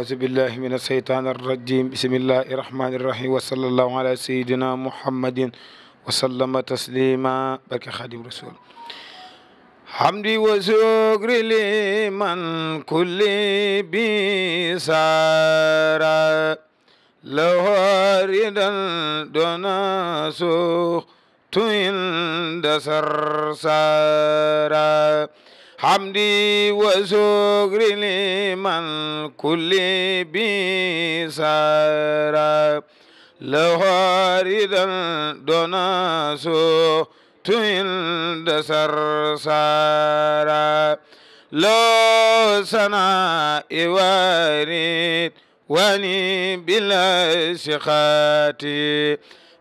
أعوذ بالله من الشيطان الرجيم بسم الله الرحمن الرحيم وصلى الله على سيدنا محمد وسلم تسليما بك خادم رسول حمدي وشكر لمن كل بسارة له ردا دون سخط عند سرسارة حمدي وسكري لمن كل بسارة له رضا دون سوء عند سرسارة لو سنا إوارد واني بلا شخاتي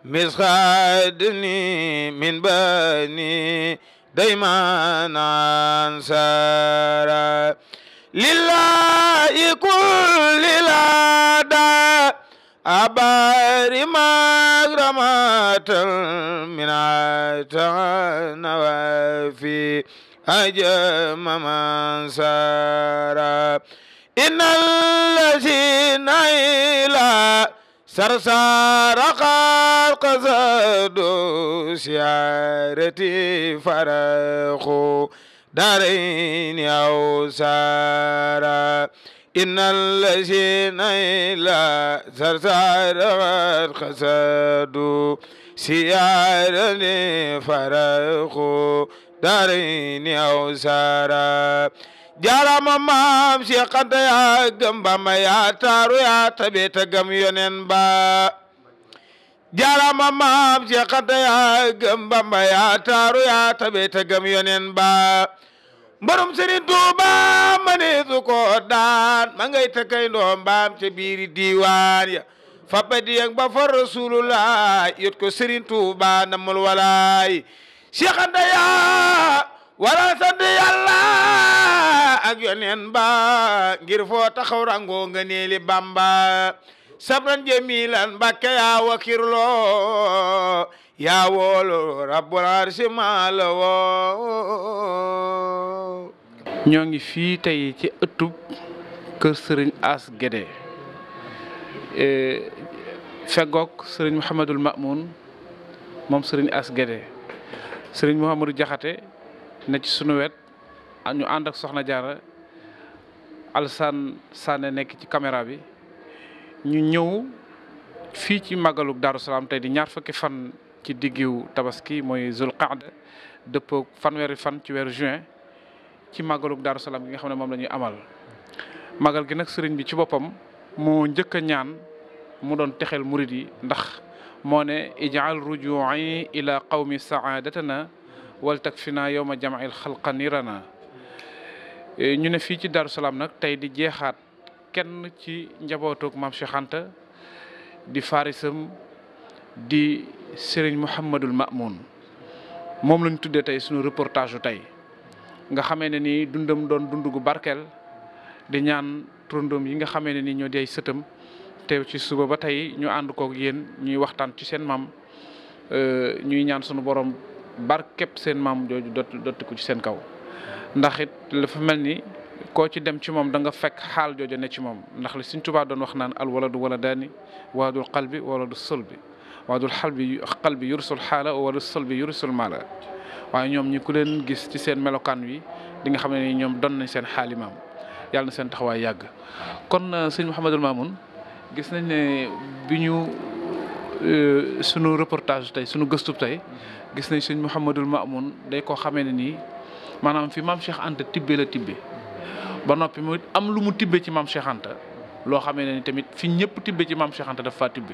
مسخادني من بني دائما انصارا لله كل لادا أبار مغرمات من النوافي أجم من سارا إن الذين إلى سرسار قار قزد سيارتي فرخو دارين أو سارا إن الذين إلى سرسار قار قزد سيارتي فرخو دارين أو سارا jaaraama maam Cheikh Anta yaa gëm Bamba yaa taaru tabe ta gëm yonen ba jaaraama maam Cheikh Anta yaa gëm Bamba yaa taaru tabe ta gëm yonen ba mbarum Serigne Touba maneesu ko daan ma ngay takkay ndoom mbaam ca diiwaan ya fa badiyang ba fa rasulullah yot ko Serigne Touba namul walaay Cheikh wala sant yàlla ak yoneen ba ngir foo taxaw rango nga neeli bamba sabran jamilan mbakke yaa wakirloo yaa woolu rabbul arsi maalawoo ñoo ngi fii tey ci ëttub kër sëriñ As Guédé e, fegook sëriñ Mouhamadul Mamoun moom sëriñ As Guédé sëriñ Mouhamadou Jaxate ne ci sunu wet ñu ànd ak soxna jaara Alsaan Sané nekk ci caméra bi ñu ñëw fii ci màggalu Daaru Salaam tey di ñaar fukki fan ci diggiw tabaski mooy zul qaada dëppoo fanweeri fan ci weer juin ci màggalu Daaru Salaam gi nga xam ne moom lañuy amal magal gi nag sëriñ bi ci boppam mu njëkk a ñaan mu doon texel murid yi ndax moo ne ijaal ruju'i ila qawmi saadatana wal takfina yawma jam'il xalqa nirana e, ñu ne fii ci Darou Salaam nag tey di jeexaat kenn ci njabootug maam Cheikh Anta di farisam di Serigne Mouhamadul Mamoun moom lañ tuddee tey sunu reportage yu tey nga xamee ne nii dundam doon dund gu barkeel di ñaan turandom yi nga xamee ne nii ñoo di ay sëtam teew ci suba ba tey ñu ànd kook yéen ñuy waxtaan ci seen maam e, ñuy ñaan sunu borom. barkeb seen maam jooju dott dott ko ci seen kaw ndax it dafa mel ni koo ci dem ci moom da nga fekk xaal jooju ne ci moom ndax li Sëriñ Tuubaa doon wax naan al waladu waladaani waladul qalbi waladul sulbi waladul xalbi qalbi yursul xaala waladul sulbi yursul maala waaye ñoom ñi ku leen gis ci seen melokaan wi di nga xam ne ni ñoom doon nañ seen xaali maam yàlla na seen taxawaay yàgg kon euh, sëñ Mouhamadul Mamoun gis nañ ne bi ñu euh, sunu reportage tey sunu gëstu tey gis nañ sëñ Mouhamadul Mamoun day koo xamee ne nii maanaam fi maam Cheikh Anta tibbe la tibbe ba noppi mu am lu mu tibbe ci maam Cheikh loo xamee ne ni tamit fi ñëpp tibbe ci maam Cheikh Anta dafa faa tibbe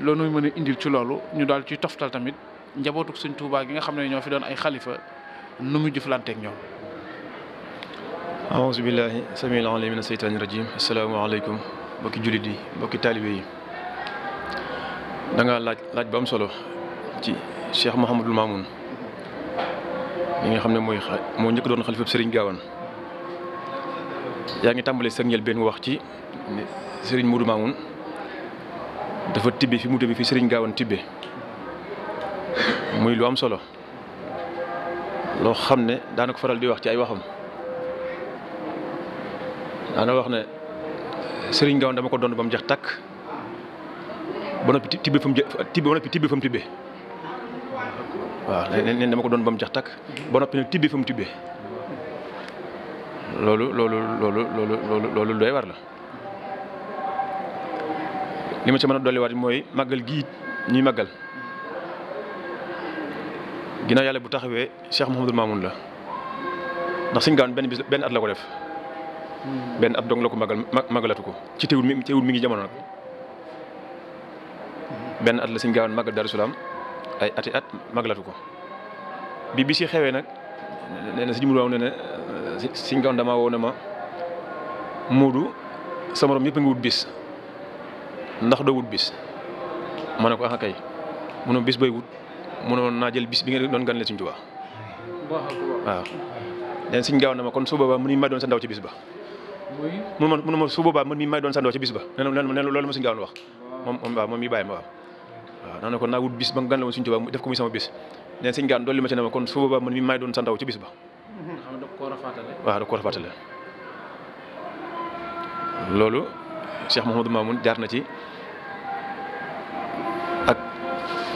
loolu nuy mën a indil ci loolu ñu daal ci toftal tamit njabootuk suñ Touba gi nga xam ne ñoo fi doon ay xalifa nu mu jëflanteeg ñoom. aouzu billahi samiil aliim mina seytaani rajiim asalaamaaleykum mbokki jullit yi mbokki taalibe yi da nga laaj laaj bu am Cheikh Mouhamadul Mamoun mi nga xam ne mooy moo njëkk doon xalifab Serigne Gawane yaa ngi tàmbalee sëñ ñel benn wax ci sëriñ Modou Mamoun dafa tibbe fi mu tibbe fi Serigne Gawane tibbe muy lu solo loo xam ne daana ko faral di wax ci ay waxam daana wax ne sëriñ Gawane dama ko doon ba mu jeex tàkk ba noppi tibbe fa mu tibbe waaw neen dama ko doon ba mu jax takk ba noppi nag tibbee fa mu tibbee loolu loolu loolu loolu loolu loolu doy war la li ma ci mën a dolliwaat mooy màggal gii ñuy màggal ginnaaw yàlla bu taxawee Cheikh Mouhamadul Mamoun la ndax suñ gaawoon benn bis benn at la ko def benn at dong la ko màggal màggalatu ko ci teewul mi teewul mi ngi jamono nag benn at la suñ gaawoon màggal Darou Salaam ay ati at maglatu ko bi bi si xewee nag nee na si jumtuwaam nee na euh, si nga dama woo ne ma Moodu sama yëpp a ngi wut bis ndax doo bis ma ne wut munoo bi nga doon ganale suñu Tuubaa waaw. nee na si gaaw na ma kon su boobaa mën sa ndaw ci bis ba. muy mun ma su boobaa mën may doon sa ndaw ci bis ba nee loolu ma si gaaw wax moom moom waaw moom ma waaw. waaw naa ne ko naa wut bis ba nga gan la woon suñu tubaab def ko muy sama bis neen sëñ gaan dolli ma ci ne ma kon su boobaa man mi maay doon santaw ci bis ba waaw da ko rafaatale loolu Cheikh Mouhamadou jaar na ci ak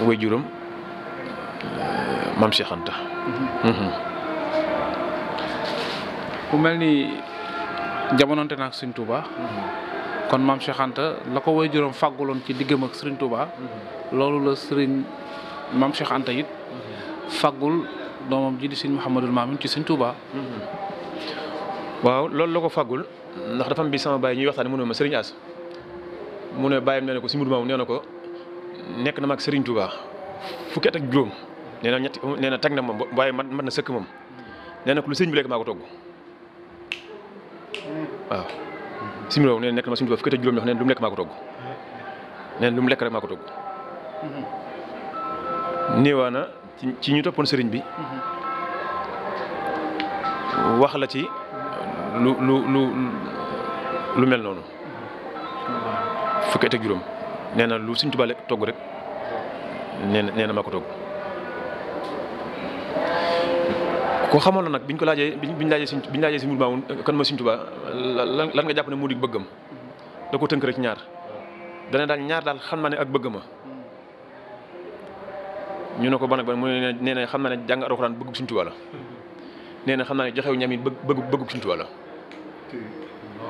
waajuram maam Cheikh Anta mm-hmm. mel ni jamononte naak suñ Tuuba mm-hmm. kon maam Cheikh Anta la ko way juróom fàgguloon ci diggam ak Serigne Touba loolu la Serigne maam Cheikh Anta it fàggul doomam ji di Serigne Mouhamadul Mamoun ci Serigne Touba. waaw loolu la ko fàggul ndax dafa am bi sama baay ñuy waxtaanee mu ne ma mu ne bàyyam nee ko Serigne Mamoun nee na ko nekk na ma ak Serigne Touba fukki at ak juróom na ñetti nee na na moom waaye mat mat na sëkk moom nee na ko lu sëñ bi lekk maa ko togg waaw. suñu réew neen nekk na ma suñu fukki at ak juróom yoo xam ne lu mu lekk maa ko togg neen lu mu lekk rek maa ko togg néewaana ci ñu toppoon sëriñ bi wax la ci lu lu lu lu mel noonu fukki at juróom nee na lu suñ Tuubaa lekk togg rek nee na nee na maa ko togg ko xamoon la nag bi biñ ko laajee bi laajee suñ biñ laajee suñ mbiru maamu kan mooy suñ Tuubaa lan lan nga jàpp ne moo di bëggam da ko tënk rek ñaar dana daal ñaar daal xam naa ne ak bëggama ñu ne ko ban ak ban mu ne nee xam naa ne jàng alxuraan bëggub suñ Tuubaa la nee na xam naa ne joxew ñam yi bëgg bëggub suñ Tuubaa la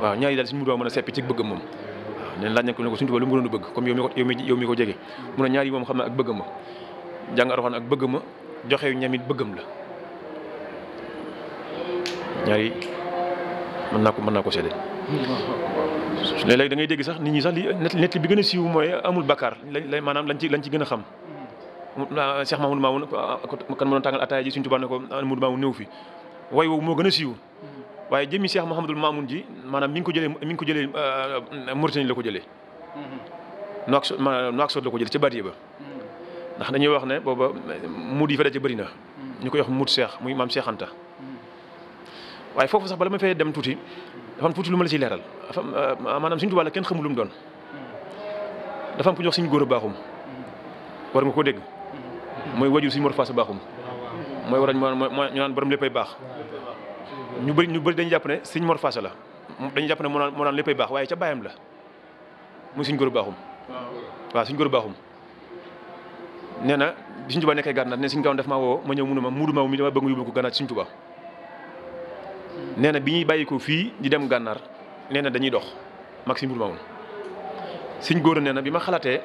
waaw ñaar yi daal suñ mbiru maamu a seppi ci bëggam moom waaw na laaj na ko ne ko mu gënoon a bëgg comme yow mi ko yow ko jege mu ne moom xam naa ak bëggama jàng alxuraan ak bëggama joxew ñam it bëggam la ñaari mën naa ko mën naa ko séddee. léeg da ngay dégg sax nit ñi sax li nett li bi gën a siiw mooy amul bakkaar lañ maanaam lañ ci lañ ci gën a xam. Ah, Cheikh Mahmoud Mamoun ah, ah, kan ma doon tàngal ataaya ji suñ tubaab ne ko Mahmoud Mamoun néew fi way moo gën a siiw waaye jëmmi Cheikh Mouhamadul Mamoun ji maanaam mi ngi ko jëlee mi ko ko jëlee Mauritanie la ko jëlee. Nouakchott Nouakchott la ko ci ca Badiya ba. ndax dañuy wax ne booba eh, muud yi fa daje bëri na. ñu koy wax muud Cheikh muy maam Cheikh waaye foofu sax bala ma fee dem tuuti dafa am tuuti lu ma la ciy leeral dafa euh, maanaam Sëriñ kenn xamul lu mu doon dafa am ku ñuy wax Sëriñ Góora Baaxum war nga koo dégg mooy wajur Sëriñ Mor Faasa Baaxum mooy waral ñu naan borom baax ñu bëri ñu bëri dañu jàpp ne Sëriñ Mor Faasa la dañu jàpp ne moo naan moo naan baax waaye ca baayam la muy Sëriñ Góora Baaxum waaw Sëriñ Góora Baaxum nee na bi Sëriñ Tuubaa nekkee gànnaar ne Sëriñ Gaawaan daf maa woo ma ñëw mu dama bëgg nga yóbbu ko gànnaar Sëriñ Tuubaa nee na bi ñuy bàyyi ko fii di dem gànnaar nee na dañuy dox Maxime Bourmaoun siñ góor nee na bi ma xalaatee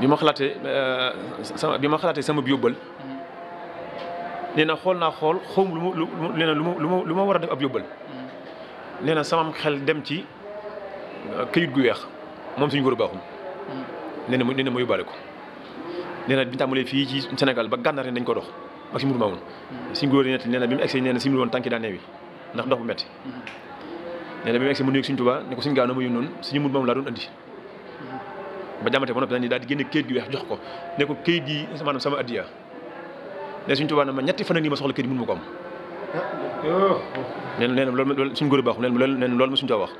bi ma xalaatee euh, sama bi ma xalaatee sama bi yóbbal nee na xool naa xool xawm lu ma lu nee lu ma lu ma war a def ab yóbbal nee na samam xel dem ci euh, këyit gu weex moom suñu góor baaxum mm. nee na mu nee na ma yóbbaale ko nee na bi tàmbalee fii ci senegal ba gànnaar ne dañ ko dox ak si mburu maamun hmm. suñ góor yi nett nee na bi mu egsee nee na si mburu woon tànki daa ndax ndox bu metti hmm. nee bi mu egsee mu nuyu suñ Tuubaa ne ko suñ gaano ma yun noonu suñu mburu maamun laa doon andi hmm. ba jàmmate ba noppi nag ni daal di génne gi weex jox ko ne ko këyit gi maanaam sama addiya ne suñ Tuubaa ne ma ñetti fan ak nii ma soxla këyit mënu ma ko am neen ah. neen loolu suñ góor baaxu neen neen loolu ma suñ Tuubaa wax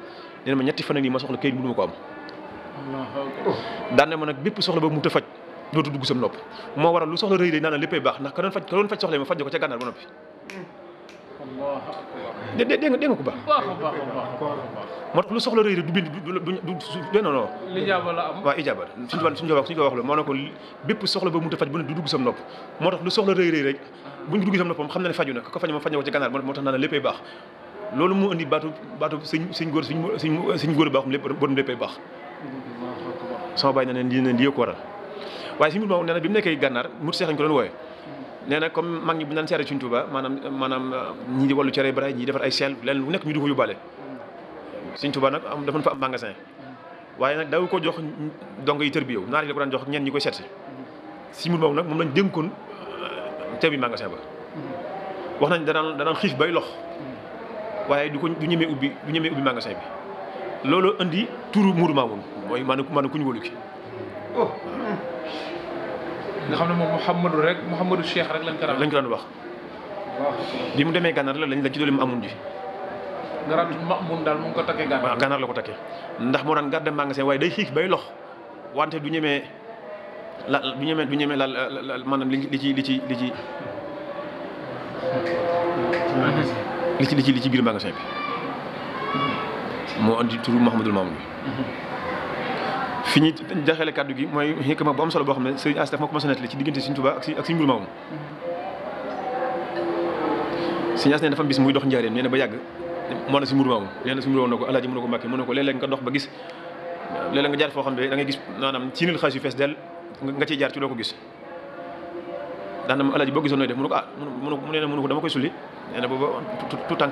neen ma ñetti fan ak nii ma soxla këyit mënu ma ko am ma nag bépp soxla ba mu ta faj dootu dugg sam nopp moo waral lu soxla rëy day naan léppay baax ndax ka doon faj ka doon faj soxla ma faj ko ca gànnaar ba noppi dé dé dé nga ko baax moo tax lu soxla rëy du bind du non non waaw ijaaba suñu wax suñu wax la moo ne ko bépp soxla ba mu ta faj bu ne du dugg sam nopp moo tax lu soxla rëy rëy rek buñ ko dugg sam nopp xam na ne faju na ko faj moom faj na ko ca gànnaar ba moo tax naan léppay baax loolu mu indi baatu baatu sëñ sëñ góor sëñ sëñ góor baaxum lépp baax sama bàyyi na ne lii ne lii waral waaye si mbir moom nee na bi mu nekkee gànnaar mut seex lañ ko doon wooye nee na comme mag ñi bu naan seere suñ Tuuba maanaam maanaam euh, ñii di wàllu cere bari ñii defar ay seel lenn lu nekk ñu di ko yóbbaale nag am dafa fa am magasin waaye nag daaw ko jox dong yi tërbiyew naar yi la ko daan jox ñenn ñi koy seet si si mbir moom nag moom lañ dénkoon euh, teew bi magasin ba wax nañ danaan danaan xiif bay lox waaye du ko du ñemee ubbi du ñemee ubbi magasin bi loolu indi turu Mourou Mamoun mooy maanaam ku ñu wóolu ki oh. nga xam ne moom Mouhamadou rek Mouhamadou Cheikh rek lañ ko daan lañ ko daan wax. waaw bi mu demee gànnaar la lañ la ci dolli Mamoun ji. garaatu Mamoun daal mu ngi ko takkee gànnaar. waaw gànnaar la ko takkee ndax moo daan garde magasin waaye day xiif bay lox wante du ñemee la du ñemee du ñemee laal maanaam li ci li ci li ci. li ci li ci li ci biir magasin bi moo andi turu Mouhamadou Mamoun bi. fi ñu jaxale kàddu gi mooy xikma bu am solo boo xam ne sëriñ As daf ma a nettali si Mburu Mamoun muy dox njaareem nee na ba yàgg moo na Sëriñ Mburu Mamoun nee na Sëriñ Mburu ko alaaji mu ne ko ko léeg-léeg dox ba gis léeg-léeg nga gis maanaam ciinil xaalis yu fees nga ciy jaar ci doo ko gis daanam alaaji boo gisoon nooy def mu ne ko ah mu ne mu ne ko dama koy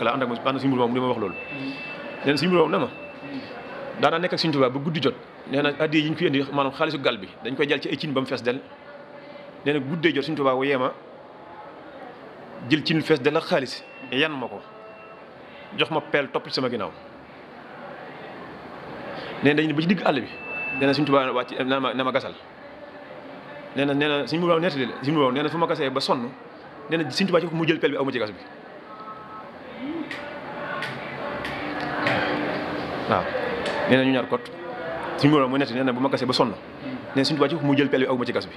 la ànd ak ma ànd Sëriñ wax loolu nee na Sëriñ Mburu Mamoun ne ma mm. daanaa nekk ak Sëriñ Tuubaa ba guddi jot nee na addiya yi ñu fi indi maanaam xaalisu gal bi dañ koy jël ci ay cin ba mu fees del nee na guddee jot suñu tubaab yeema jël cin fees del ak xaalis yan ma ko jox ma peel topp ci sama ginnaaw nee na dañu àll bi nee na suñu tubaab na ma gasal nee na nee na suñu mu baaw nettali la suñu mu ma gasee ba sonn nee na suñu tubaab mu jël peel bi ma ci gas bi waaw ñu ñaar kot suñu borom mu nett nee na bu ma gasee ba sonn nee na suñu wàcc mu jël peel bi aw ma ci gas bi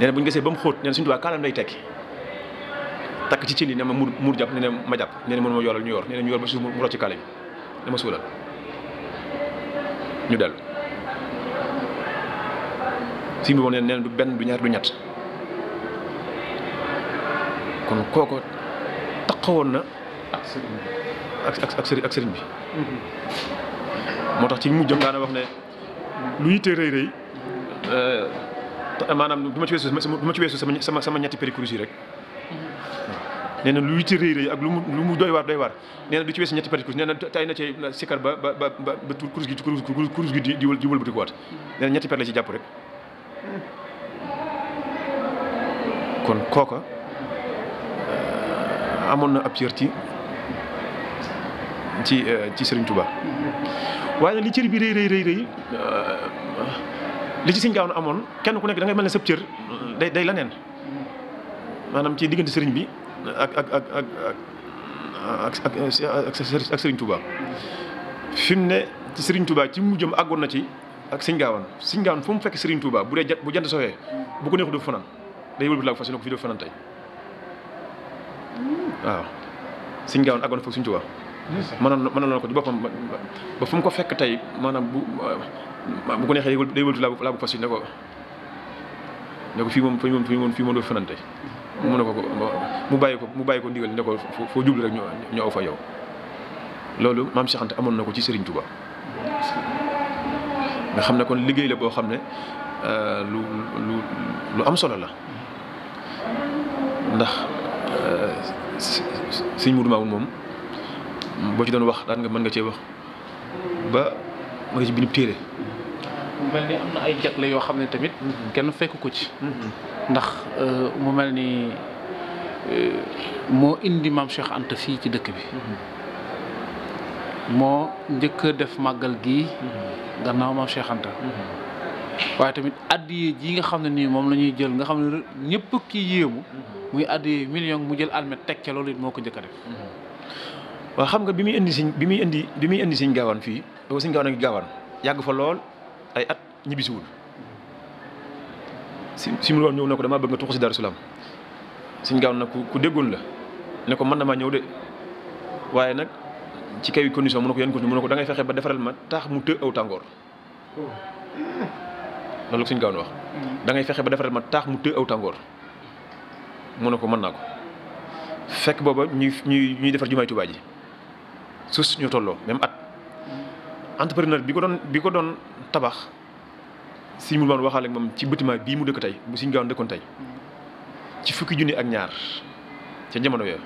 nee na bu ñu gasee ba mu xóot nee na suñu tubaab kaanam lay takk ci cin yi ne ma mur mur jàpp ne ma jàpp nee na mënu ma yoral ñu yor nee na ñu yor ba suuf mu rocc kaala bi dama suulal ñu dellu suñ boobu nee na du benn du ñaar du ñett kon kooko taxawoon na ak ak ak sëriñ bi. moo tax ci mu mujjam daana wax ne lu yittee rëy rëy eh, maanaam du ma ci weesu du ma ci weesu sama sama ñetti péricours yi rek. nee na lu yittee rëy rëy ak lu mu lu mu doy waar doy waar nee du ci weesu ñetti péricours nee na tay na ci sikar ba ba ba ba tur kurus gi di di wëlbatikuwaat nee na ñetti per la ci jàpp rek. kon kooka eh, amoon na ab cër ci ci euh, ci Serigne waaye li cër bi rëy rëy rëy euh, li ci Serigne Gaawaan amoon kenn ku nekk da ngay mel ne sëb cër day day leneen maanaam ci diggante sëriñ bi ak ak ak ak ak ak Serigne Touba fi mu ne ci Serigne Touba ci mujjam àggoon na ci ak Serigne Gaawaan Serigne Gaawaan fu mu fekk Serigne Touba bu dee bu jant soxee bu ko neexul du fanaan day wëlbati laa ko fas yéene ko fi doo fanaan tey waaw Serigne Gaawaan àggoon foog Serigne Touba mënoon mënoon na ko ci boppam ba fu mu ko fekk tey maanaam bu bu ko neexee day wëltu laa laa bu yi ne ko ne ko fii fii moom fii moom fii moom ne ko ko mu bàyyi ko mu bàyyi ko ndigal ne ko foo jublu rek ñu aw fa yow loolu maam Cheikh amoon na ko ci Serigne Touba nga xam ne kon liggéey la boo xam ne euh, lu am solo la ndax euh, sëñ Mourou Mamoun moom boo ci doon wax daan nga mën nga cee wax ba ma ci binub téere mu mel ni am na ay jagle yoo xam ne tamit mhm. kenn fekk ko ci mhm. ndax euh, mu mel ni euh, moo indi maam Cheikh Anta fii ci dëkk bi mhm. moo njëkk a def màggal gii gannaaw maam Cheikh Anta waaye tamit addiye ji nga xam ne nii moom la ñuy jël nga xam ne ñëpp ki yéemu muy addiye million mu jël almet teg ca loolu it moo ko njëkk a def waa xam nga bi muy indi siñ bi muy indi bi muy indi siñ gaawaan fii boobu siñ gaawaan a ngi gaawaan yàgg fa lool ay at ñibbisiwul si si mu ñëw na ko dama bëgg nga tuxu si Daaru Salaam siñ gaawaan nag ku déggoon la ne ko mën na maa ñëw de waaye nag ci kaw condition mu ne ko yan condition ne ko da fexe ba defaral ma taax mu të aw tàngoor loolu suñ gaaw na wax fexe ba defaral ma taax mu të aw tàngoor mu ne ko mën naa ko fekk booba ñuy ñuy ñuy defar jumaay Tuubaa ji suuf si ñoo tolloo même at. entrepreneur bi ko doon bi ko doon tabax si mu doon waxaale moom ci bâtiment bii mu dëkk tey bu suñu gaawoon dëkkoon tey ci fukki junni ak ñaar ca jamono yooyu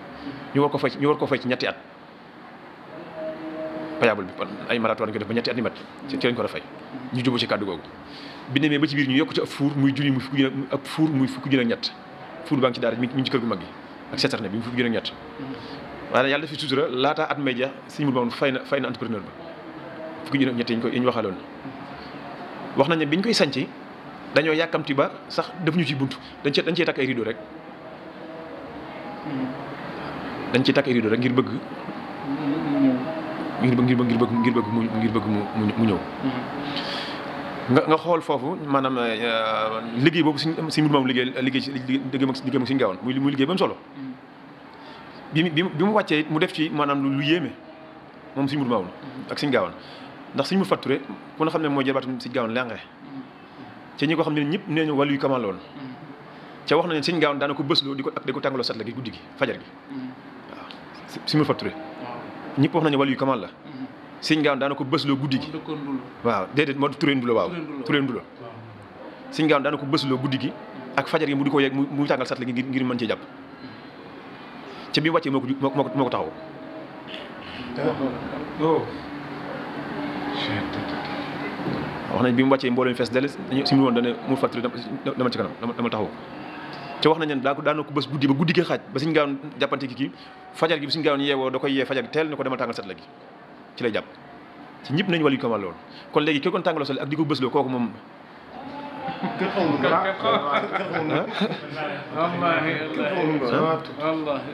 ñu war ko fay ñu war ko fay ci ñetti at. payable bi ay maratoire ñu ko def ba ñetti at ni mat ci lañ ko dafay ñu jubóo ci kàddu googu bi demee ba ci biir ñu yokk ci fuur muy junni muy fukki junni ak fuur muy ñett fuur baa ngi ci daara mi ngi ci kër gu mag gi ak citerne bi mu fukki junni ak ñett waaye yàlla def ci sutura laataa at média sëñ Mourou Mamoune fay na fay na entrepreneur ba fukki junni ñett yi ñu ko yi ñu waxaloon wax nañ biñ koy sànci dañoo yàkkamti ba sax def ñu ci bunt dañ cee dañ cee takk ay rideau rek dañ ciy takk ay rideau ngir bëgg. ngir bëgg ngir bëgg ngir bëgg ngir bëgg mu mu ñëw. nga nga xool foofu maanaam euh, liggéey boobu suñ suñ Mourou Mamoune liggéey liggéey si liggéey moom suñ gaawoon muy liggéey ba mu solo. bi bi bi mu wàccee mu def ci maanaam lu yéeme moom suñu mbuur ak suñu gaawan ndax suñu mbuur facturé ku na xam ne mooy jabaatum suñu gaawan lengee ca ñi ko xam ne ñëpp nee ñu wàllu yu kamal loon ca wax na ne suñu gaawan ko bës di ko ak di ko tàngaloo sat gi guddi gi fajar gi waaw suñu mbuur facturé ñëpp wax nañu mm-hmm. ko bësloo guddi gi waaw déedéet moo tureen du la waaw tureen du la suñu gaawan daana ko bësloo guddi gi ak fajar gi mu di ko yeeg mu tàngal sat la gi ngir mën cee jàpp ci bi wàccee moo ko moo ko taxaw. Oh. wax nañ bi mu wàccee mbooloo mi fees dell dañu si mu woon dana mu fàttali dama ci kanam dama taxaw te wax nañ ne daa daan na ko bës guddi ba guddi gi xaaj ba suñu gaawoon jàppante ki kii fajar gi bi suñu gaawoon yeewoo da koy yee fajar teel ne ko demal tàngal set la gi ci lay jàpp ci ñëpp nañ wàllu ko mal loolu kon léegi ko bésloo kooku moom kër xawlu kër xawlu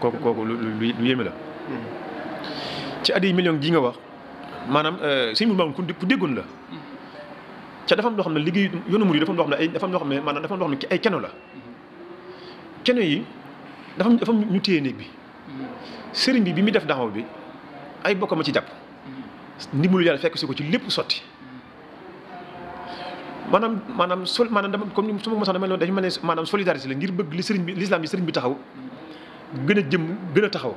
kooku kooku lu lu lu yéeme la. ci addi million ji nga wax maanaam euh, suñu mbaam ku déggoon la. ca dafa am loo liggéey yoonu mu dafa am loo xam ay dafa am xam ne maanaam dafa am loo xam ne ay la. keno yi dafa dafa ñu téye néeg bi. sëriñ bi bi muy def daxaw bi ay bokkam a ci jàpp. ndimbalu yàlla fekk si ko ci lépp sotti. maanaam maanaam sol maanaam dama comme ni la ngir bëgg li sëriñ bi l'islam bi sëriñ bi taxaw gën a jëm gën a taxaw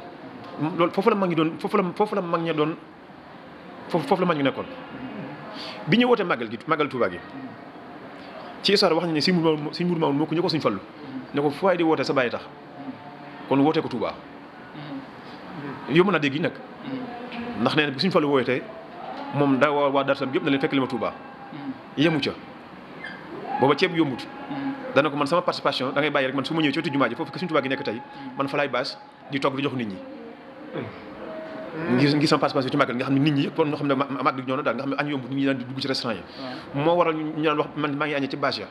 loolu foofu la mag ñi doon foofu la foofu la mag ña doon foofu foofu la mag ñu nekkoon bi ñu wootee màggal gi màggal Touba gi ci histoire wax ni ne si mur si mur maamul moo ko ñu ko suñ falu ne ko fu di wootee sa bàyyi tax kon wootee ko Touba yomb naa dégg nag ndax nee bi bu suñ fallu wootee moom daa waa waa Darou Salam yëpp na leen fekk li ma Touba yemu ca booba ceeb yombut dana man sama participation da ngay bàyyi rek man su ma ñëwee ci wetu jumaa ji foofu suñu Tuubaa gi nekk tey man fa baas di togg di jox nit ñi ngir sama participation ci màggal nga xam ne nit ñi yëpp ñoo daal nga xam ne añ yomb nit ñi daan dugg ci restaurant yi moo waral ñu daan wax man maa ngi añee ci bâche ya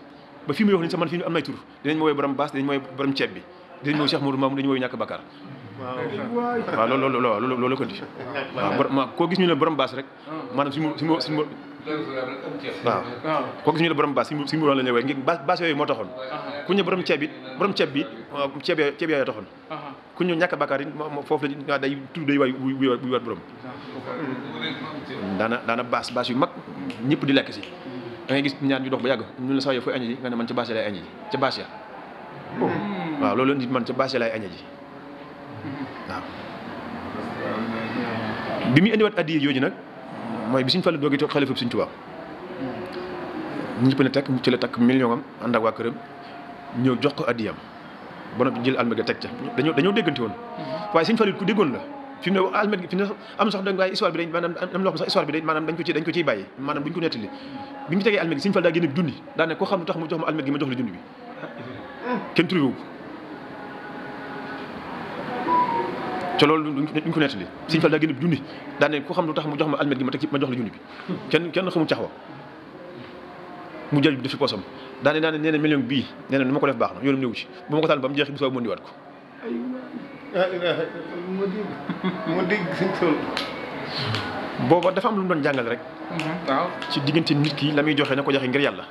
ba fii muy wax nii sax man fii am nay tur dinañ ma woowee borom bâche dinañ ma woowee borom ceeb bi dinañ ma woowee Cheikh Modou Mamoun ñàkk Bakar waaw loolu loolu waaw loolu la ko indi waaw koo gis ñu ne borom baas rek maanaam si mu si mu si mu waaw koo gis ñu ne borom baas si mu si mu la ñuy woy baas yooyu moo taxoon ku ñu borom ceeb it borom ceeb bi ceeb ceeb ku ñu ñàkk bàkkaar yi foofu la day tudd day waay buy waat borom daana daana baas baas yu mag ñëpp di lekk si da ngay gis ñaar ñu dox ba yàgg ñu la sax yow fooy añe ji nga ne man ca baas lay añe ca baas ya waaw loolu nit man ca baas lay añe ji waaw. bi muy indiwaat addiya yooyu nag mooy bi suñ Fallu doogee toog xalifa bi suñ Tuubaa ñëpp ne teg mu ci la takk million am ànd ak waa këram ñëw jox ko addiyam ba noppi jël almet ga teg ca dañoo dañoo déggante woon. waaye suñ Fallu ku déggoon la fi mu ne almet gi ne am sax da waaye histoire bi dañ maanaam am loo xam sax histoire bi dañ maanaam dañ ko ci dañ ko bàyyi maanaam buñ ko nettali bi mu tegee almet gi suñ daa génne dundi daa ne koo xam lu tax mu jox ma almet gi ma jox la dundi bi kenn trouvé te loolu duñ ko nettali Sëriñ Fall daa génn junni daa ne ku xam lu tax mu jox ma almet gi ma teg ma jox la junni bi kenn kenn xamul caxawa mu jël bi def ci poosam daa ne naa ne nee million bii nee na nu ma ko def baax na yoonam néewu ci bu ma ko taal ba mu jeex bi booba dafa am lu mu doon jàngale rek ci diggante nit ki la muy joxe ne ko joxe ngir yàlla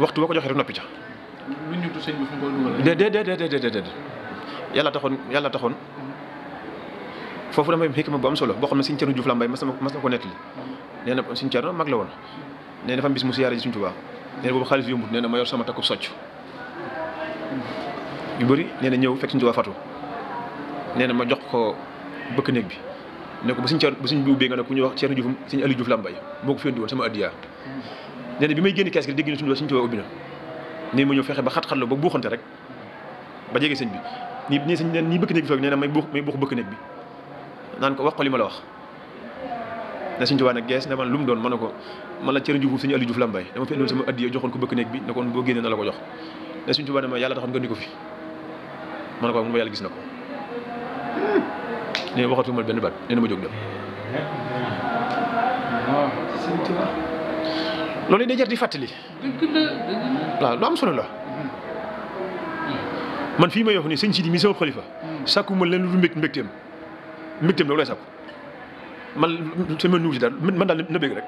waxtu boo ko joxee rek noppi ca lu ñu tudd sëñ bi yàlla taxoon yàlla taxoon foofu damay xikma bu am solo boo xam ne Sëriñ Cerno Juuf Lambay mas na mas na ko nettali nee na Sëriñ Cerno mag la woon yu bëri nee ñëw fekk Sëriñ Tuubaa fatu nee na ma jox ko bëkk néeg bi ne ko ba Sëriñ Cerno ba Sëriñ bi ubbee ne ku ñuy wax Cerno Juuf Sëriñ Aliou Juuf Lambay moo ko fi indi woon bi may génn kees gi dégg na Sëriñ Tuubaa ubbi na nee ma ñëw fexe ba xat-xat la ba buuxante rek ba jege sëñ bi nii nii sëñ nii bëkk néeg bi fekk nee na may buux may buux bëkk néeg bi naan ko wax ko li ma la wax na Sëñ Tuubaa gees ne man lu mu doon mën na ko man la cër juuf suñu Aliou Diouf Lambaye dama fi andoon sama addiya joxoon ko bëkk néeg bi ne kon boo génnee na la ko jox ne Sëñ Tuubaa ma yàlla taxoon nga ni ko fi ma ne ko ma yàlla gis na ko ne waxatu ma ma jóg dem loolu day jar fàttali lu am solo la man fii may wax nii sëñ si di mi sama ma leen lu mbég mbégteem loolu lay sàkku man sama nuyu si daal man daal na bëgg rek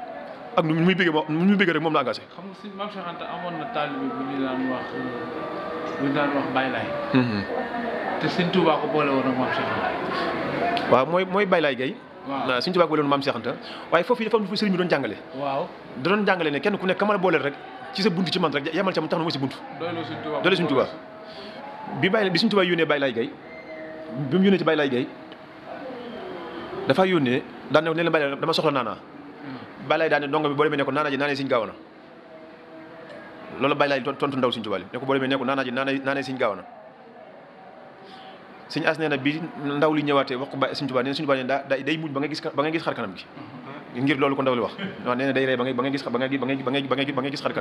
ak nu muy bëggee nu muy moom la engagé. xam nga si Mame Cheikh Anta na taalibe bu ñu daan wax bu ñu daan wax baylaay. Mhm. te Sëñ boole woon ak Mame mooy mooy baylaay gay. waaw Sëñ Tuubaa ko boole woon Mame waaye foofu dafa am lu sëriñ doon jàngale. waaw da doon jàngale ne kenn ku nekk kamal booleel rek ci sa buntu ci man rek yamal ci am tax na mooy sa buntu. doole Sëñ Tuubaa doole Sëñ Tuubaa bi Baye bi Sëñ Tuubaa yónnee baylaay gay bi mu yónnee ci baylaay gay dafa yónnee daan ne leen bàyyi dama soxla hmm. ne ne ko naana na ne ko boo demee ne ko naana ji naana naanee siñ gaaw na suñu as nee bi ndaw li ñëwaatee wax ko ba suñ tubaab na suñ ba nga gis ba nga gis xar kanam gi hmm. ngir loolu ko ndaw li wax waaw nee na day rey ba nga gis ba nga ba nga gis xar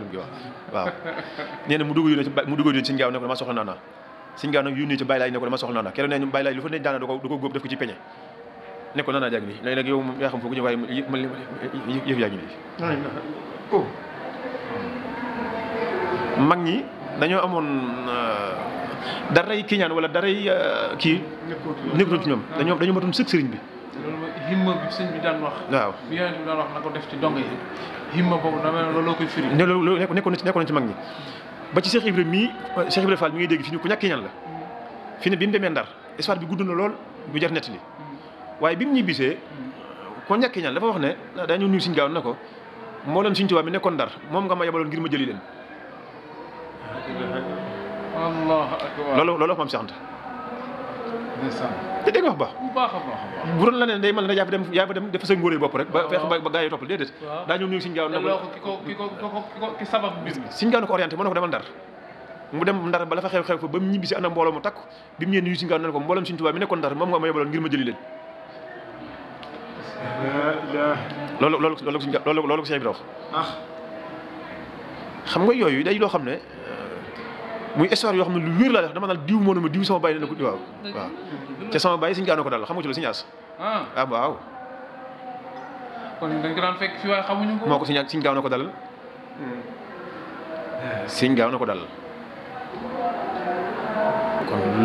na mu dugg yónnee ci siñ gaaw ne ko siñ gaaw nag yónnee ci bàyyi laay dama soxla naana keroog nee na bàyyi lu fa ne daana du ko góob def ko ci peñe ne ko naan naa jàng nii léegi nag yow moom yaa xam foog ñu waaye man yëf yaa ngi nii. oh. mag ñi dañoo amoon euh, daray kiñaan wala daray euh, kii. nekkutul ci ñoom dañoo dañoo matum sëg sëriñ bi. himma bi sëñ bi daan wax. waaw bi yonent bi daan wax na ko def ci dong yi. himma boobu dama ne looloo koy firi. ne loolu nekkoon na ci mag ñi ba ci Cheikh Ibrahima mii Cheikh Ibrahima Fall mi ngi dégg fi ñu ko ñàkk ñan la. fi ne bi mu demee Ndar histoire bi gudd na lool bu jar nettali waaye bi mu ñibbisee ko ñàkki ñaan dafa wax ne ah, dañoo nuyu suñ gaaw na ko moo leen suñ tubaab mi nekkoon ndar moom nga ma yabaloon ma jëli leen. allahu akbar loolu loolu moom a a baax. bu def sa ngóoree bopp rek. ba fexe ba gaa yi na ko ki mu dem ndar ba fa xew xew fa ba mu ñibbisi ana mbooloo takk bi mu ñëwee nuyu suñ gaaw na ko mbooloom suñ tubaab mi nekkoon ndar moom nga ma yebaloon ngir ma jëli loolu loolu loolu loolu loolu Cheikh ah. xam nga yooyu day loo xam ne euh, muy histoire yoo xam ne lu wér laa def dama naan diw moo ne ma diw sama bàyyi ne ko waaw waaw te sama bàyyi suñu ko daal xam nga ci loolu suñu as. Ah. ah waaw. ko daan fekk fii ko. moo ko suñu suñu gaanoo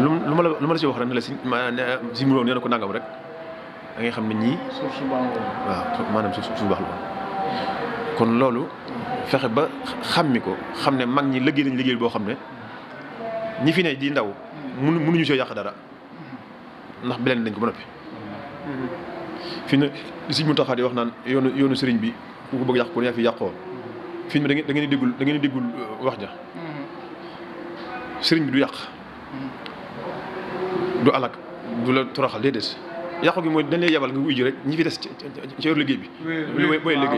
lu ma la lu ma la si wax rek si ma ne si na ko nangam rek. da ngay xam ne ñii. suuf su baax la waaw maanaam suuf su baax la kon loolu. fexe ba xàmmi ko xam ne mag ñi liggéey nañ liggéey boo xam ne ñi fi ne di ndaw. mënu mënuñu soo yàq dara ndax beneen dañ ko ba noppi. fi mu ne si mu taxaat yi wax naan yoonu yoonu sëriñ bi ku ko bëgg yàq ko yaa fi yàqoo fi mu ne da ngeen di déggul da ngeen di déggul euh, wax ja sëriñ bi du yàq. Mm-hmm. du alak du la toroxal déedéet yàqu gi mooy dañ lay yabal nga wuyu ji rek ñi fi des ci ci yor liggéey bi. lu mooy bi waaw.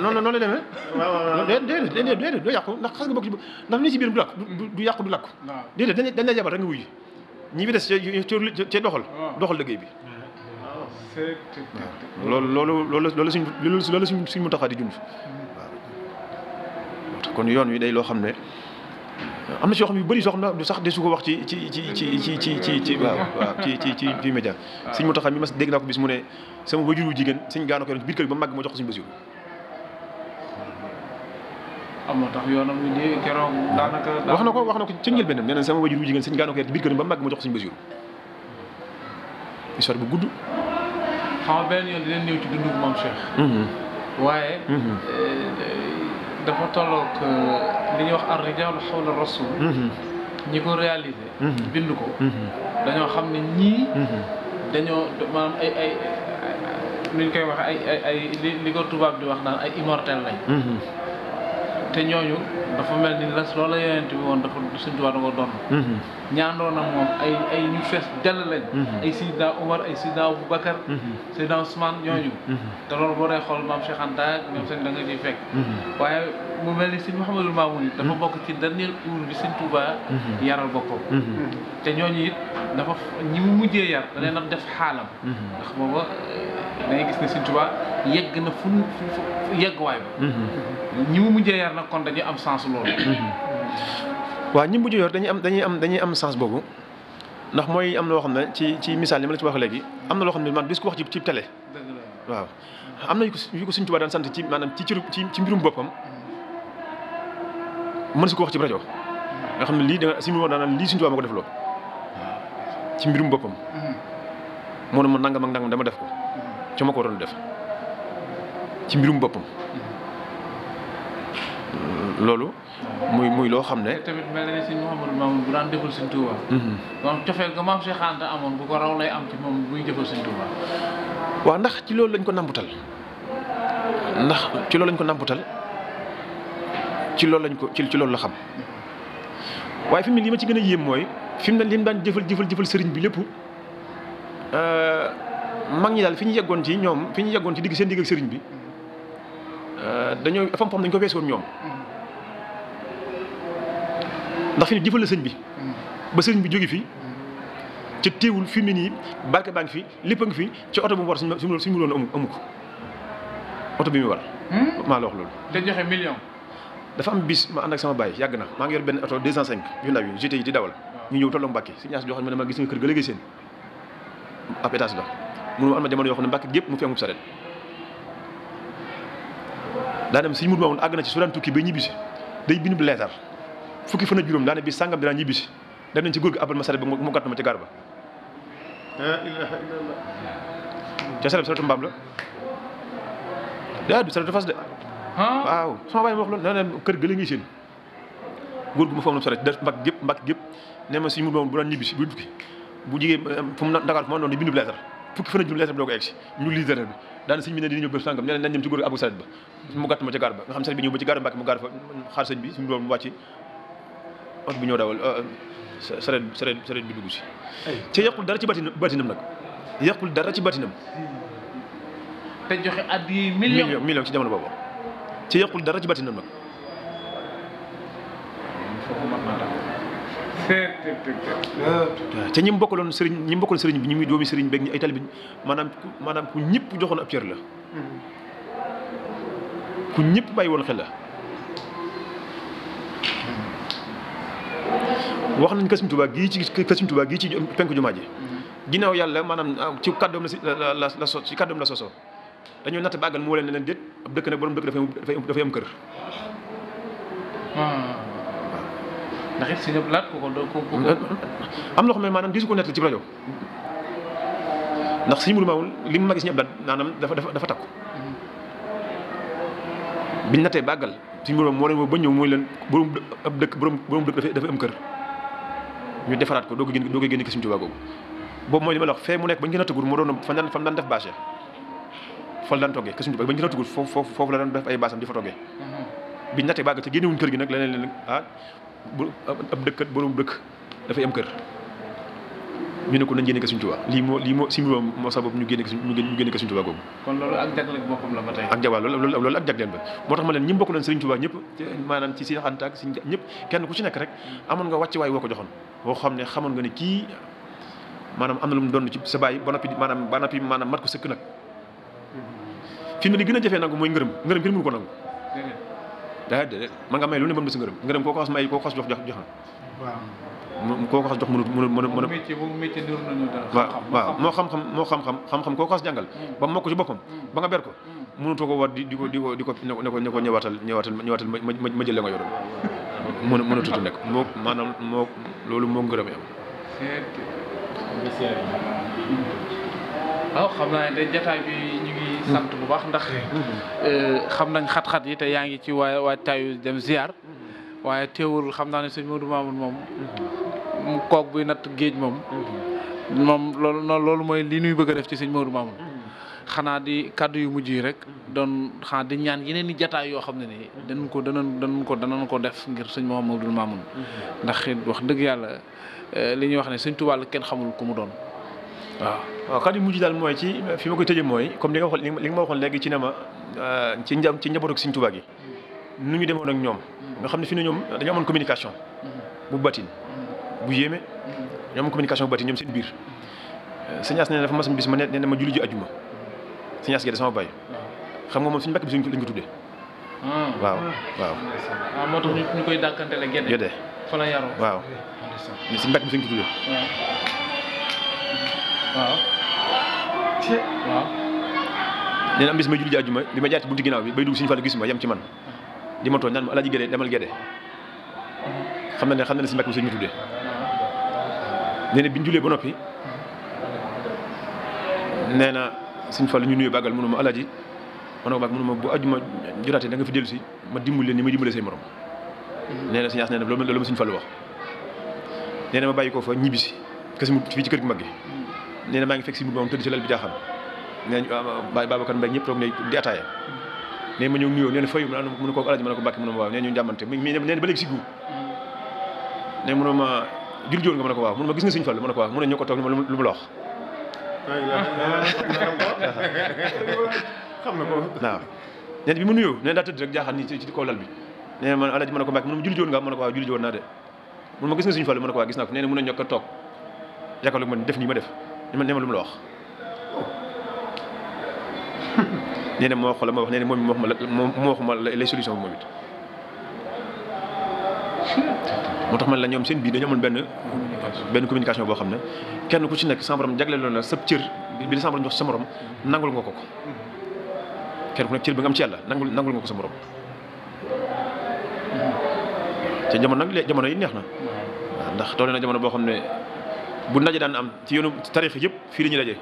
non non non la demee. waaw waaw déedéet déedéet déedéet doo yàqu ndax xas na bokk ci ndax li biir du lakk du yàqu du lakk. waaw déedéet dañ dañ lay yabal rek nga wuyu ji ñi fi des ci ci doxal. doxal liggéey bi. waaw loolu loolu loolu loolu suñ loolu suñ mu taxaat di jund. Mm. yoon wi day loo xam ne. am na si yoo xam yu bari soo xam ne sax de su ko wax ci ci ci ci ci ci ci ci waaw ci ci ci ci média sëñ Mountakha mi mas dégg naa ko bis mu ne sama wajuru jigéen sëñ gaana ko yoon biir kër bi ba mag moo jox ko sëñ Basiru am na tax yoonam ñu dee keroog daanaka na ko wax na ko ca njëlbéenam sama wajuru jigéen sëñ gaana ba màgg moo jox ko sëñ Basiru bu gudd xam nga benn yoon dinañ ñëw ci dundu moom Cheikh waaye wax ñuy wax ar rijaalu xawla rasul mhm. ñi ko réalisé mhm. bind ko mhm. dañoo xam ne ñii dañoo maanaam ay ay ni koy wax ay ay ay tubaab di wax naan ay immortel lañ te ñooñu dafa mel ni las loola yonent bi woon dafa Sëñ Tuubaa da ko doon mhm. ñaandoon ak moom ay ay ñu fees dell lañ mhm. ay Seydina Omar ay Seydina Aboubacar mhm. Seydina Ousmane ñooñu te loolu boo dee maam Cheikh ñoom seen da nga ciy fekk waaye mu mel ni Sëñ Mouhamadou Mamoun dafa bokk ci dernier cours bi Sëñ Tuubaa yaral boppam te ñooñu it dafa ñi mu mujjee yar da leen a def xaalam ndax booba da ngay gis ne Sëñ Tuubaa yegg na fu yegg waay ñi mu mujjee yar nag nag kon dañuy am sens loolu. Mm-hmm. waaw ñi mujj yor dañuy am dañuy am dañuy am sens boobu ndax mooy am na loo xam ne ci ci misaal li ma la ci wax léegi am na loo xam ne man bis ko wax ci ci télé. waaw am na yu ko yu ko Sëñ Tuubaa daan sant ci maanaam ci ci ci mbirum boppam mën si ko wax ci rajo nga xam ne lii da nga si mbirum daan lii Sëñ Tuubaa ma ko def loolu mm-hmm. ci mbirum boppam. Mm-hmm. moo ne ma nangam ak nangam dama def ko ci ma ko waroon def ci mbirum boppam. loolu muy muy loo xam ne. tamit mel na ni sëñ Mouhamadou Mamoune bu daan defal sëñ Touba. donc mhm. cofeel ga maam Cheikh amoon bu ko raw lay am ci moom buy defal sëñ Touba. waaw ndax ci loolu lañ ko nambutal ndax ci loolu lañ ko nambutal ci loolu lañ ko ci ci loolu la xam waaye fi mu ne li ma ci gën a yéem mooy fi mu ne li mu daan jëfal jëfal jëfal sëriñ bi lépp euh, mag ñi daal fi ñu yeggoon ci ñoom fi ñu yeggoon ci digg seen digg sëriñ bi. Euh, dañoo dafa am dañu ko weesu woon ñoom ndax fi ñu jëfal la sëñ bi ba sëñ bi jóge fi ci téewul fi mu nii barke baa ngi fi lépp a ngi fi ci oto bu mu war suñu suñu mënoon amu amu ko oto bi mu war. Hmm? maa la loolu. dafa am bis ma ànd ak sama baay yàgg na maa ngi yor benn oto 205 yu ndaw yi GTI di dawal. ñu ñëw tolloo Mbacke si ñaas joxoon ma dama gis nga kër ga léegi seen ab étage la mënuma am na jamono yoo xam ne gépp mu fi amul saret daa dem sëñ Mudu Maamun àgg na ci su daan tukki ba ñibbisi day bind leetar fukki fan ak daane bi sàngam dinaa ñibbisi dem nañ ci góor gi abal ma saret bi mu gàtt ma ci gaar ba ca saret la daa du fas de waaw sama bàyyi ma wax loolu nee na kër gële ngi seen góor gu ma fa am saret des mbak gépp ne ma mu Mudu Maamun bu daan ñibbisi bu tukki bu jigéen fu mu Dakar fu ma doon di bind leetar fukki fan ak juróom leetar bi doo ko si ñu lii leetar bi daana sëñ bi ne dina ñëw bér sàngam ñeneen nañ dem ci góor abou saret ba mu gàtt ma ci gaar ba nga xam saret bi ñëw ba ci gaar Mbàkke mu gaar fa xaar sëñ bi suñu doom ci euh, yàqul dara ci batinam batinam nag yàqul dara ci batinam hmm. te joxe at yi million million ci jamono boobu ci yàqul dara ci batinam nag ca ñi mu bokkaloon sëriñ ñi mu bokkaloon sëriñ bi ñu muy doomi sëriñ beeg ñi ay tali bi maanaam maanaam ku ñëpp joxoon ab cër la ku ñëpp bàyyi woon xel la wax nañ Kër Sëriñ Tuubaa gii ci Kër Sëriñ Tuubaa gii ci penku jumaa ji ginnaaw yàlla maanaam ah, ci kàddoom la la la so ci kàddoom la sosoo dañoo natt bàggal mu leen ne leen déet ab dëkk nag borom dëkk dafay dafay am kër ah. ndax it Sëñ Abdou Lahad ku ko ku ko am loo xam ne maanaam diisu ko nekk ci rajo ndax Sëñ Mourou li mu màgg Sëñ Abdou Lahad dafa dafa dafa takku biñ nattee bàggal Sëñ Mourou Mamoune moo leen ba ñëw mooy leen borom ab dëkk borom borom dëkk dafa am kër ñu defaraat ko doo ko génn doo ko génn ki Sëñ Tuubaa googu boobu mooy li ma la fee mu nekk bañ gën a moo doon fa daan fa def bâche fa daan toggee ki Sëñ Tuubaa bañ gën a tëgur foofu foofu la daan def ay bâche am di fa toggee mhm. biñ nattee bàggal te génnewuñ kër gi nag leneen leen ah bu ab dëkkat borom dëkk dafay am kër ñu ne ko nañ génne ko Sëriñ Tuubaa lii moo lii moo simbi moo sabab ñu génne ko ñu génne ko Sëriñ Tuubaa googu kon loolu ak jagleel boppam la ba tey moo tax ma leen ñi bokk nañ Sëriñ Tuubaa ñëpp maanaam kenn ku ci nekk rek amoon nga wàcc waay woo ko joxoon boo xam ne xamoon nga ne kii maanaam am na lu mu doon ci sa baay ba noppi maanaam ba noppi maanaam mat ko sëkk nag mm-hmm. fi mu ne gën a jafee nangu mooy ngërëm ngërëm kenn mënu ko nangu daa déedéet man nga may lu ne mën na si ngërëm ngërëm koo ko xas may koo ko xas jox jox jox na koo ko xas jox mënut mënut mënut waaw waaw moo xam-xam moo xam-xam xam-xam koo ko xas jàngal hmm. mokk ci boppam hmm. ba nga ber ko hmm. mënutoo ko war di di ko di ko di ko ne ko ko ñëwaatal ñëwaatal ñëwaatal ma jël la nga yoroon mën mënatutu nekk moo maanaam moo loolu moo ngërëm am waaw ah, xam sant bu baax ndax mm-hmm. euh, xam nañ xat-xat yi te yaa ngi ci waaye waa taayu dem ziar mm-hmm. waaye teewul xam naa ne sëñ Modou Mamoun moom mm-hmm. kook buy natt géej moom moom loolu noonu loolu mooy li nuy bëgg a def ci sëñ Modou Mamoun xanaa di kàddu yu mujj yi rek doon xanaa di ñaan yeneen di jataay yoo xam ne nii dañ ko danan danan ko danan ko def ngir sëñ Mouhamadoul Mamoun ndax wax dëgg yàlla euh, li ñuy wax ne sëñ Tuubaa la kenn xamul ku mu doon waaw waaw kàddu mujj daal mooy ci fi ma koy tëjee mooy comme li nga waxoon li nga ma waxoon léegi ci ne ma euh, ci nja ci njabootu Sëriñ Tuubaa gi nu ñu demoon ak ñoom nga xam ne fi ne ñoom dañoo amoon communication bu batin bu yéeme dañoo amoon communication bu batin ñoom seen biir Sëriñ As ne dafa mas bis ma ne ne ma julli ji ajuma Sëriñ As gi da sama bàyyi xam nga moom suñu mbàkk bi suñ lañ ko tuddee hmm. waaw waaw waaw ah, moo tax ñu koy dàkkantele gédde fa la yaroo waaw suñu mbàkk bi suñ ko tuddee hmm. waaw. cee waaw. nee na am bis may julli ji àjjuma bi ma jaati buntu ginnaaw bi bay dugg suñu fàll gis ma yem ci man di ma tooñ naan ma alaaji Gédé demal Gédé xam na ne xam na ne si mbàkk bi ba noppi nee na suñu fàll ñu nuyoo bàggal mënu ma alaaji ma ne ko mënu ma bu àjjuma jotaatee da nga fi dellu si ma dimbali ni ma dimbalee say morom. nee na suñu as nee na loolu ma ma bàyyi ko fa ñibbisi kese fii ci kër gi mag nee maa ngi fekk si biir moom tëdd ci lal bi jaaxal nee nañ ah, ah, Baye Babacar Mbengue ma ñëw nuyoo nee na fayu mu ne ko alaji ma ne ko mbàkki mu ne mu ne ma jul joon nga ma waaw mu ne ma gis nga ma ne ko waaw mu ko toog lu mu la wax xam na ko waaw nee bi mu nuyoo nee daa tëdd rek jaaxal nii ci kaw lal bi nee na man alaji ko mbàkki mu a ma jul joon nga ma ne ko waaw jul joon naa de mu ne ma gis nga sëñ Fall ma ne ko waaw gis naa ko nee na mu ne ñoo ko toog yaakaar lu ma def nii ma def ni ma ne lu mu la wax nee na moo wax la ma wax nee na moom wax ma la moo wax ma les la ñoom seen biir dañu amoon benn benn communication boo xam ne kenn ku ci nekk sa borom jagleel loolu la sab cër bi la sa borom jox sa morom nangul nga ko ko kenn ku nekk cër bi nga am ci yàlla nangul nangul nga sa morom te jamono nag jamono yi neex na ndax toll na jamono boo xam ne bu ndaje daan am ci yoonu tarix yëpp fii la ñuy daje.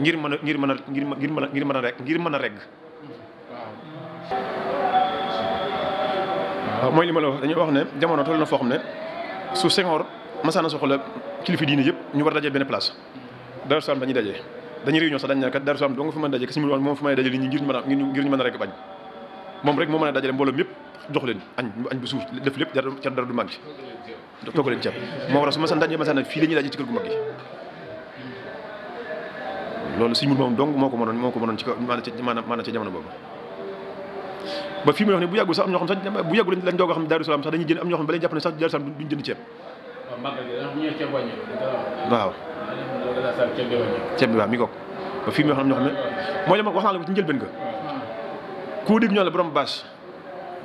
ngir mën a ngir mën a ngir mën a ngir mën a rek ngir man a regg. waaw mooy li ma la wax dañuy wax ne jamono toll na foo xam ne su Senghor masaana soxla kilifa diine yëpp ñu war a daje benn place. Darou Salaam dañuy daje dañuy réunion sax dañu naan kat Darou Salaam doo nga fi mën a daje kasi mu moom fi may daje ngir ñu mën a ngir ñu mën a regg bañ moom rek moo mën a dajale mbooloo yëpp jox leen añ añ bu suuf def lépp jar dara du manqué togg leen ceeb moo a su ma san dajee ma san nag fii la ñuy ci kër gu mag gi loolu si mur moom dong moo ko mënoon moo ko mënoon ci maanaam maanaam ci jamono boobu ba fii mu wax ne bu yàggul sax am ñoo xam bu yàggul lañ doog ñoo xam ba lañ jàpp ne sax Daaru Salaam duñ jënd bi waaw mi fii mu wax am ñoo xam ne mooy la ma wax naa la ko ci njëlbéen ko hmm. koo dégg ñoo la borom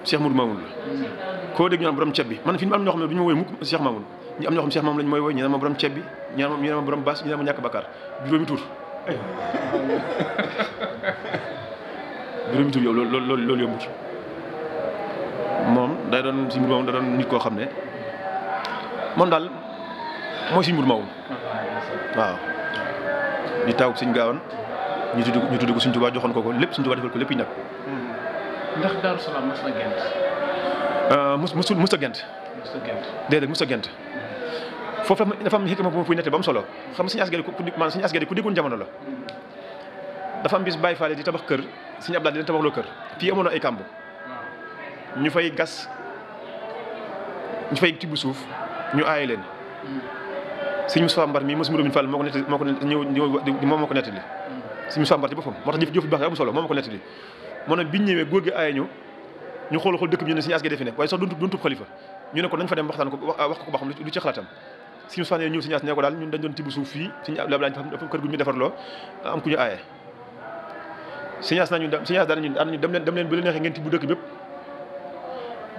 Cheikh Moudou Mamoun la koo dégg ñu am borom ceeb bi man fi mu am ñoo xam ne du ñu ma woy mukk Cheikh Mamoun ñu am ñoo xam lañ mooy woy ñu ne ma bi ñu ne ma borom baas ñu ne ma ñàkk bakkaar juróomi moom day doon si Moudou Mamoun da doon nit koo xam ne moom daal mooy si Moudou Mamoun waaw ñu taw ñu tudd ñu tudd ko suñ Tuubaa joxoon ko ko lépp suñ Tuubaa defal ko lépp yi nag ndax Daaru Salaam mos na gent. Euh, mos gent. mos a gent déedéet mos a gent. foofu dafa am xikma ba mu solo xam nga suñu asgari ku maanaam suñu asgari ku diggoon jamono la. dafa am bis Baye Fall di tabax kër suñu Abdoulaye di kër fii amoon na ay fay gas ñu fay tibb suuf ñu aaye leen. Hmm. sëñ Moussa Mbar mii mos Mourou moo ko nettali moo ko ñëw ñëw moom moo ko moo tax jëf jëf bu baax solo moo ma ko nettali moo nag biñ ñëwee góor gi aaye ñu ñu xool xool dëkk bi ñu ne suñu as gi defi nekk waaye sax duntub duntub xalifa ñu ne ko nañ fa dem waxtaan ko wax ko ba xam lu ci xalaatam suñu soxna ñëw suñu as ne ko daal ñun dañ doon tibb suuf fii suñu ab laaj dafa kër gu ñu defarloo am ku ñu aaye suñu as nañu suñu as daanañu dem leen dem leen bu leen neexee ngeen tibb dëkk bépp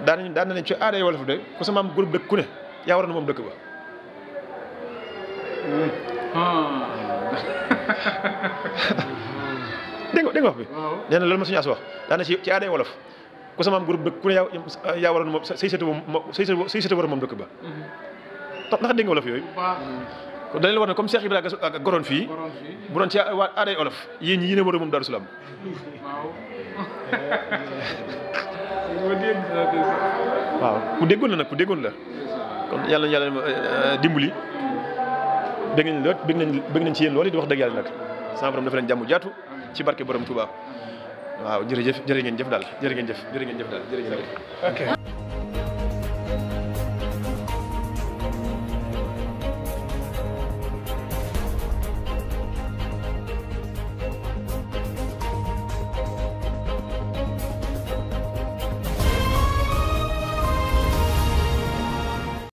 daanañu daan nañ ci aada wala fa de ku sama am groupe dëkk ku ne yaa war na moom dëkk ba hmm. dégg nga wax bi nee na loolu ma suñu as wax daana ci aaday wolof ku sama am groupe dëkk ku ne yaa yaa waroon moom say sëtu moom say sëtu ba mhm. ndax dégg nga yooyu kon dañ leen war comme Cheikh Ibrahima ak goroon fii bu doon ci waa aaday wolof yéen ñi yéen a war a moom Daaru Salaam waaw ku déggoon la nag ku déggoon la kon yàlla na yàlla euh, dimbali bëgg nañ lool bëgg nañ ci yéen lool di wax dëgg yàlla nag sama borom dafa leen jàmm jaatu ci barke borom Touba waaw jërëjëf jërë ngeen jef daal jërë ngeen jëf jërë ngeen daal jërë ngeen jëf.